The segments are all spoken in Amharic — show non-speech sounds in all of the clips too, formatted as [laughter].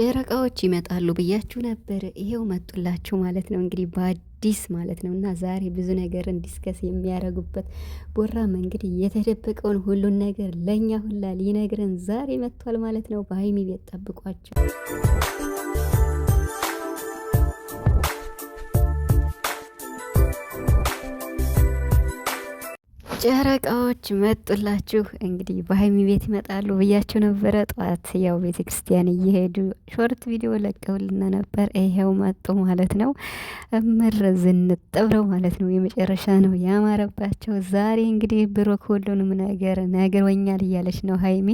ጨረቃዎች ይመጣሉ ብያችሁ ነበር። ይሄው መጡላችሁ ማለት ነው እንግዲህ በአዲስ ማለት ነው እና ዛሬ ብዙ ነገር እንዲስከስ የሚያደርጉበት ቦራም እንግዲህ የተደበቀውን ሁሉን ነገር ለእኛ ሁላ ሊነግረን ዛሬ መጥቷል ማለት ነው። በሀይሚ ቤት ጠብቋቸው። ጨረቃዎች መጡላችሁ። እንግዲህ በሀይሚ ቤት ይመጣሉ ብያችሁ ነበረ። ጠዋት ያው ቤተ ክርስቲያን እየሄዱ ሾርት ቪዲዮ ለቀውልና ነበር። ይኸው መጡ ማለት ነው። እምር ዝንጥ ብለው ማለት ነው። የመጨረሻ ነው ያማረባቸው። ዛሬ እንግዲህ ብሩክ ሁሉንም ነገር ነግሮኛል እያለች ነው ሀይሚ።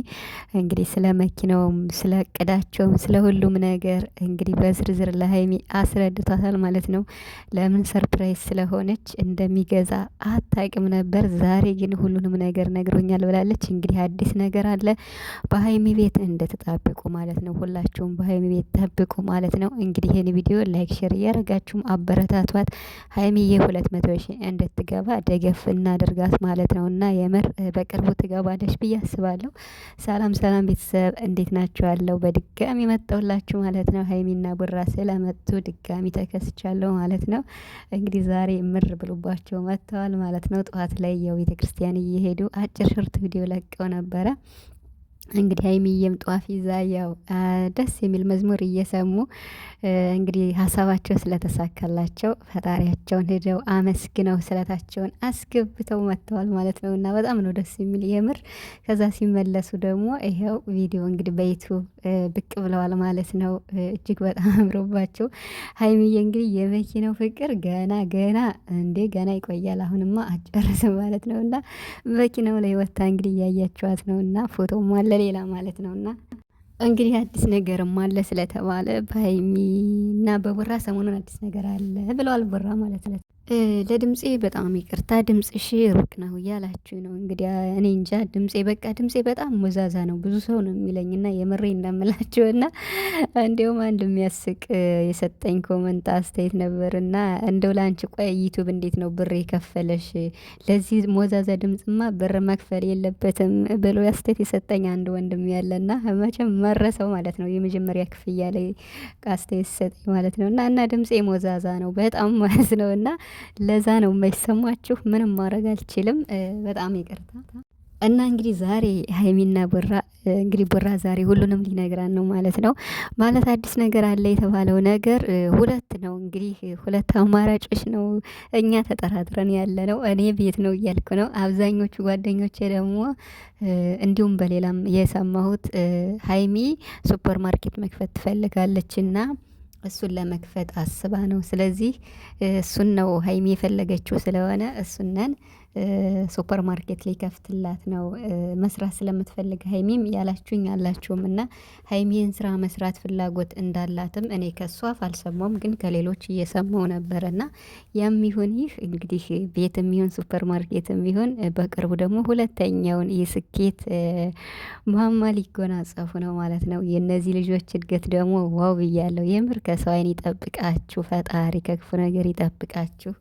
እንግዲህ ስለ መኪናውም፣ ስለ እቅዳቸውም፣ ስለ ሁሉም ነገር እንግዲህ በዝርዝር ለሀይሚ አስረድቷታል ማለት ነው። ለምን ሰርፕራይዝ ስለሆነች እንደሚገዛ አ አታውቅም ነበር፣ ዛሬ ግን ሁሉንም ነገር ነግሮኛል ብላለች። እንግዲህ አዲስ ነገር አለ በሀይሚ ቤት እንደተጣበቁ ማለት ነው። ሁላችሁም በሀይሚ ቤት ጠብቁ ማለት ነው። እንግዲህ ይህን ቪዲዮ ላይክ፣ ሼር እያደረጋችሁም አበረታቷት። ሀይሚዬ ሁለት መቶ ሺ እንድትገባ ደገፍ እናደርጋት ማለት ነው እና የምር በቅርቡ ትገባለች ብዬ አስባለሁ። ሰላም ሰላም ቤተሰብ እንዴት ናችሁ? አለው በድጋሚ መጣሁላችሁ ማለት ነው። ሀይሚና ቡራ ስለመጡ ድጋሚ ተከስቻለሁ ማለት ነው። እንግዲህ ዛሬ ምር ብሎባቸው መጥተዋል ማለት ማለት ነው። ጠዋት ላይ ያው ቤተ ክርስቲያን እየሄዱ አጭር ሽርት ቪዲዮ ለቀው ነበረ። እንግዲህ ሀይሚዬም ጧፍ ይዛ ያው ደስ የሚል መዝሙር እየሰሙ እንግዲህ ሀሳባቸው ስለተሳካላቸው ፈጣሪያቸውን ሄደው አመስግነው ስለታቸውን አስገብተው መጥተዋል ማለት ነው። እና በጣም ነው ደስ የሚል የምር። ከዛ ሲመለሱ ደግሞ ይኸው ቪዲዮ እንግዲህ በዩቱብ ብቅ ብለዋል ማለት ነው። እጅግ በጣም [laughs] አምሮባቸው ሀይሚዬ እንግዲህ የመኪናው ፍቅር ገና ገና እንዴ ገና ይቆያል። አሁንማ አጨረሰ ማለት ነው። እና መኪናው ላይ ወታ እንግዲህ እያያቸዋት ነው እና ፎቶ ማለ በሌላ ማለት ነውና እንግዲህ አዲስ ነገርም አለ ስለተባለ እና በቡራ ሰሞኑን አዲስ ነገር አለ ብለዋል። ቡራ ማለት ነው። ለድምፄ በጣም ይቅርታ ድምፅሽ ሩቅ ነው እያላችሁ ነው እንግዲህ እኔ እንጃ ድምፄ በቃ ድምፄ በጣም ሞዛዛ ነው ብዙ ሰው ነው የሚለኝ እና የምሬ እንዳምላችሁ እና እንዲሁም አንድ የሚያስቅ የሰጠኝ ኮመንት አስተያየት ነበር እና እንደው ለአንቺ ቆይ ዩቱብ እንዴት ነው ብር የከፈለሽ ለዚህ ሞዛዛ ድምፅማ ብር መክፈል የለበትም ብሎ አስተያየት የሰጠኝ አንድ ወንድም ያለ እና መቼም መረሰው ማለት ነው የመጀመሪያ ክፍያ ላይ አስተያየት ሰጠኝ ማለት ነው እና እና ድምፄ ሞዛዛ ነው በጣም ማለት ነው እና ለዛ ነው የማይሰማችሁ። ምንም ማድረግ አልችልም። በጣም ይቅርታ። እና እንግዲህ ዛሬ ሀይሚና ቦራ እንግዲህ ቦራ ዛሬ ሁሉንም ሊነግራን ነው ማለት ነው። ማለት አዲስ ነገር አለ የተባለው ነገር ሁለት ነው እንግዲህ ሁለት አማራጮች ነው እኛ ተጠራጥረን ያለ ነው። እኔ ቤት ነው እያልኩ ነው። አብዛኞቹ ጓደኞቼ ደግሞ እንዲሁም በሌላም የሰማሁት ሀይሚ ሱፐር ማርኬት መክፈት ትፈልጋለች እና እሱን ለመክፈት አስባ ነው። ስለዚህ እሱን ነው ሀይሚ የፈለገችው ስለሆነ እሱነን ሱፐር ማርኬት ሊከፍትላት ነው መስራት ስለምትፈልግ ሀይሚም ያላችሁኝ አላችሁም እና ሀይሚን ስራ መስራት ፍላጎት እንዳላትም እኔ ከሷ አልሰማውም፣ ግን ከሌሎች እየሰማው ነበር እና ያም ይሁን ይህ እንግዲህ ቤትም ይሁን ሱፐር ማርኬትም ይሁን በቅርቡ ደግሞ ሁለተኛውን የስኬት ማማ ሊጎናጸፉ ነው ማለት ነው። የእነዚህ ልጆች እድገት ደግሞ ዋው ብያለሁ። የምር ከሰው አይን ይጠብቃችሁ ፈጣሪ፣ ከክፉ ነገር ይጠብቃችሁ፣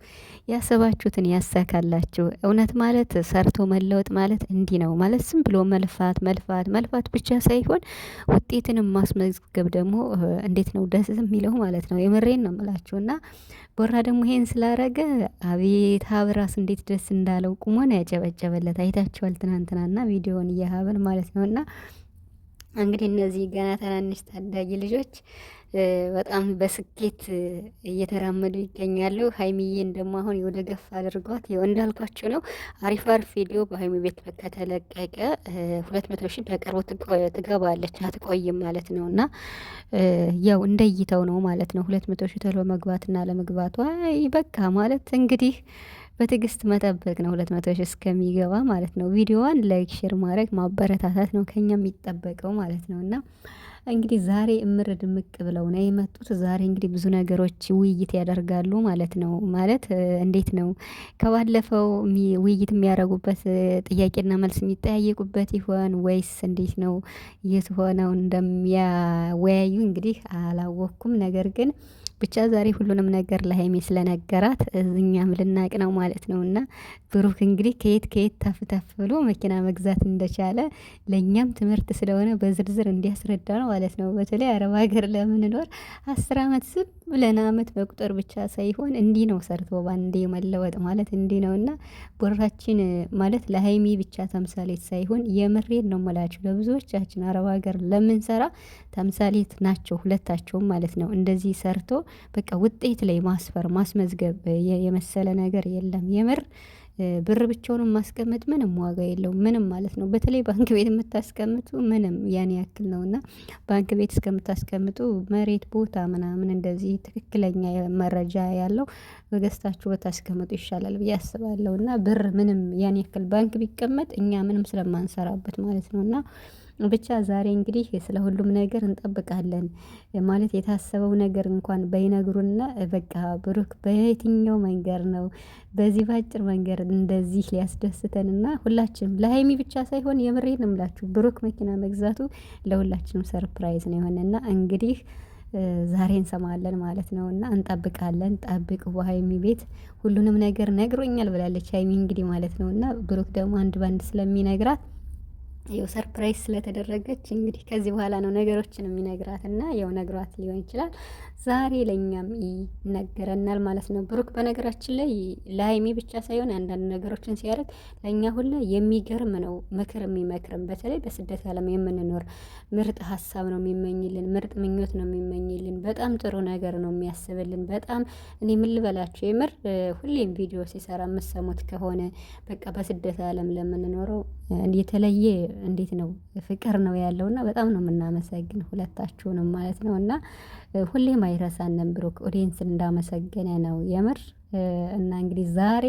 ያሰባችሁትን ያሳካላችሁ። እውነት ማለት ሰርቶ መለወጥ ማለት እንዲህ ነው ማለት ዝም ብሎ መልፋት መልፋት መልፋት ብቻ ሳይሆን ውጤትንም ማስመዝገብ ደግሞ እንዴት ነው ደስ የሚለው ማለት ነው። የምሬን ነው የምላችሁ። እና ቦራ ደግሞ ይሄን ስላረገ አቤት ሀብራስ እንዴት ደስ እንዳለው ቁሞን ያጨበጨበለት። አይታችኋል ትናንትናና ቪዲዮውን እያሀበል ማለት ነው እና እንግዲህ እነዚህ ገና ትናንሽ ታዳጊ ልጆች በጣም በስኬት እየተራመዱ ይገኛሉ። ሀይሚዬን ደግሞ አሁን ወደ ገፍ አድርጓት ው እንዳልኳችሁ ነው። አሪፍ አሪፍ ቪዲዮ በሀይሚ ቤት ከተለቀቀ ሁለት መቶ ሺህ በቅርቡ ትገባለች፣ አትቆይም ማለት ነው። እና ያው እንደይተው ነው ማለት ነው። ሁለት መቶ ሺህ ተሎ መግባትና ለመግባት ለመግባቷ በቃ ማለት እንግዲህ በትዕግስት መጠበቅ ነው። ሁለት መቶ ሺህ እስከሚገባ ማለት ነው። ቪዲዮዋን ላይክ፣ ሼር ማድረግ ማበረታታት ነው ከኛ የሚጠበቀው ማለት ነው። እና እንግዲህ ዛሬ እምር ድምቅ ብለው ነው የመጡት። ዛሬ እንግዲህ ብዙ ነገሮች ውይይት ያደርጋሉ ማለት ነው። ማለት እንዴት ነው ከባለፈው ውይይት የሚያደርጉበት ጥያቄና መልስ የሚጠያየቁበት ይሆን ወይስ እንዴት ነው የት ሆነው እንደሚያወያዩ እንግዲህ አላወቅኩም ነገር ግን ብቻ ዛሬ ሁሉንም ነገር ለሀይሜ ስለነገራት እኛም ልናቅ ነው ማለት ነው። እና ብሩክ እንግዲህ ከየት ከየት ተፍ ተፍ ብሎ መኪና መግዛት እንደቻለ ለእኛም ትምህርት ስለሆነ በዝርዝር እንዲያስረዳ ነው ማለት ነው። በተለይ አረብ ሀገር ለምንኖር አስር አመት ስብ ብለን አመት መቁጠር ብቻ ሳይሆን እንዲህ ነው ሰርቶ ባንዴ መለወጥ ማለት እንዲህ ነው እና ቦራችን ማለት ለሀይሜ ብቻ ተምሳሌት ሳይሆን የምሬን ነው የምላችሁ ለብዙዎቻችን አረብ ሀገር ለምንሰራ ተምሳሌት ናቸው ሁለታቸውም ማለት ነው እንደዚህ ሰርቶ በቃ ውጤት ላይ ማስፈር ማስመዝገብ የመሰለ ነገር የለም። የምር ብር ብቻውንም ማስቀመጥ ምንም ዋጋ የለውም፣ ምንም ማለት ነው። በተለይ ባንክ ቤት የምታስቀምጡ ምንም ያን ያክል ነው እና ባንክ ቤት እስከምታስቀምጡ መሬት፣ ቦታ ምናምን እንደዚህ ትክክለኛ መረጃ ያለው በገዝታችሁ በታስቀምጡ ይሻላል ብዬ አስባለሁ። እና ብር ምንም ያን ያክል ባንክ ቢቀመጥ እኛ ምንም ስለማንሰራበት ማለት ነው እና ብቻ ዛሬ እንግዲህ ስለ ሁሉም ነገር እንጠብቃለን። ማለት የታሰበው ነገር እንኳን በይነግሩና በቃ ብሩክ በየትኛው መንገድ ነው በዚህ ባጭር መንገድ እንደዚህ ሊያስደስተንና ሁላችንም ለሀይሚ ብቻ ሳይሆን የምሬን እምላችሁ ብሩክ መኪና መግዛቱ ለሁላችንም ሰርፕራይዝ ነው የሆነና እንግዲህ ዛሬ እንሰማለን ማለት ነው እና እንጠብቃለን። ጠብቅ በሀይሚ ቤት ሁሉንም ነገር ነግሮኛል ብላለች ሀይሚ እንግዲህ ማለት ነው እና ብሩክ ደግሞ አንድ ባንድ ስለሚነግራት ያው ሰርፕራይዝ ስለተደረገች እንግዲህ ከዚህ በኋላ ነው ነገሮችን የሚነግራት እና ያው ነግሯት ሊሆን ይችላል። ዛሬ ለእኛም ይነገረናል ማለት ነው። ብሩክ በነገራችን ላይ ለሀይሚ ብቻ ሳይሆን አንዳንድ ነገሮችን ሲያደርግ ለእኛ ሁላ የሚገርም ነው። ምክር የሚመክርም በተለይ በስደት ዓለም የምንኖር ምርጥ ሀሳብ ነው የሚመኝልን፣ ምርጥ ምኞት ነው የሚመኝልን። በጣም ጥሩ ነገር ነው የሚያስብልን። በጣም እኔ ምን ልበላችሁ የምር ሁሌም ቪዲዮ ሲሰራ የምሰሙት ከሆነ በቃ በስደት ዓለም ለምንኖረው የተለየ እንዴት ነው ፍቅር ነው ያለው እና በጣም ነው የምናመሰግን ሁለታችሁንም ማለት ነው። እና ሁሌም አይረሳንም ብሩክ ኦዲየንስን እንዳመሰገነ ነው የምር እና እንግዲህ ዛሬ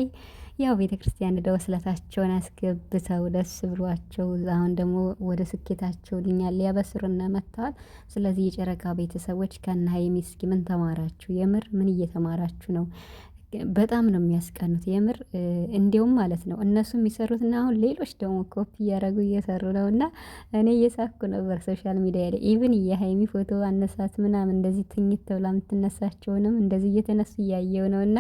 ያው ቤተ ክርስቲያን ደው ስለታቸውን አስገብተው ደስ ብሏቸው አሁን ደግሞ ወደ ስኬታቸው ልኛ ሊያበስሩን መጥተዋል። ስለዚህ የጨረቃ ቤተሰቦች ከነ ሀይሚ እስኪ ምን ተማራችሁ? የምር ምን እየተማራችሁ ነው? በጣም ነው የሚያስቀኑት። የምር እንዲሁም ማለት ነው እነሱ የሚሰሩትና አሁን ሌሎች ደግሞ ኮፒ እያደረጉ እየሰሩ ነው። እና እኔ እየሳኩ ነበር ሶሻል ሚዲያ ላይ ኢቭን የሀይሚ ፎቶ አነሳት ምናምን እንደዚህ ትኝት ተብላ የምትነሳቸውንም እንደዚህ እየተነሱ እያየው ነው። እና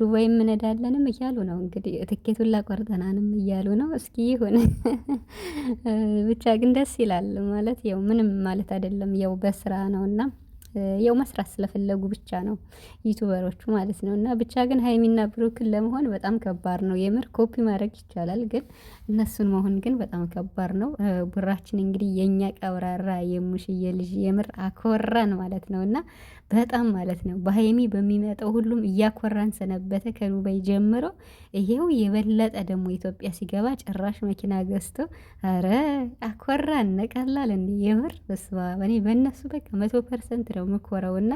ዱባይ እንሄዳለንም እያሉ ነው እንግዲህ ትኬቱን ላቆርጠናንም እያሉ ነው። እስኪ ይሁን ብቻ ግን ደስ ይላል። ማለት ያው ምንም ማለት አይደለም ያው በስራ ነውና ያው መስራት ስለፈለጉ ብቻ ነው ዩቱበሮቹ ማለት ነው። እና ብቻ ግን ሀይሚና ብሩክን ለመሆን በጣም ከባድ ነው። የምር ኮፒ ማድረግ ይቻላል፣ ግን እነሱን መሆን ግን በጣም ከባድ ነው። ቡራችን እንግዲህ የእኛ ቀብራራ የሙሽዬ ልጅ የምር አኮራን ማለት ነው። እና በጣም ማለት ነው በሀይሚ በሚመጣው ሁሉም እያኮራን ሰነበተ ከዱባይ ጀምሮ። ይሄው የበለጠ ደግሞ ኢትዮጵያ ሲገባ ጭራሽ መኪና ገዝቶ ኧረ አኮራን ነቀላል እንዲ የምር በስባ በእነሱ በቃ መቶ ፐርሰንት ምናገረው እና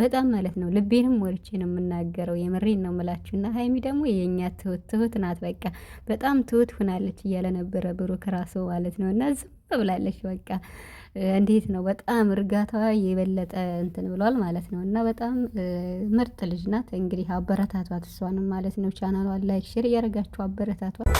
በጣም ማለት ነው ልቤንም ወርቼ ነው የምናገረው። የምሬን ነው ምላችሁ እና ሀይሚ ደግሞ የእኛ ትሁት ትሁት ናት፣ በቃ በጣም ትሁት ሁናለች እያለ ነበረ ብሩክ ራሱ ማለት ነው። እና ዝም ብላለች በቃ እንዴት ነው በጣም እርጋታዋ የበለጠ እንትን ብሏል ማለት ነው። እና በጣም ምርጥ ልጅ ናት። እንግዲህ አበረታቷት እሷንም ማለት ነው። ቻናሏን ላይክ፣ ሼር እያደረጋችሁ አበረታቷት።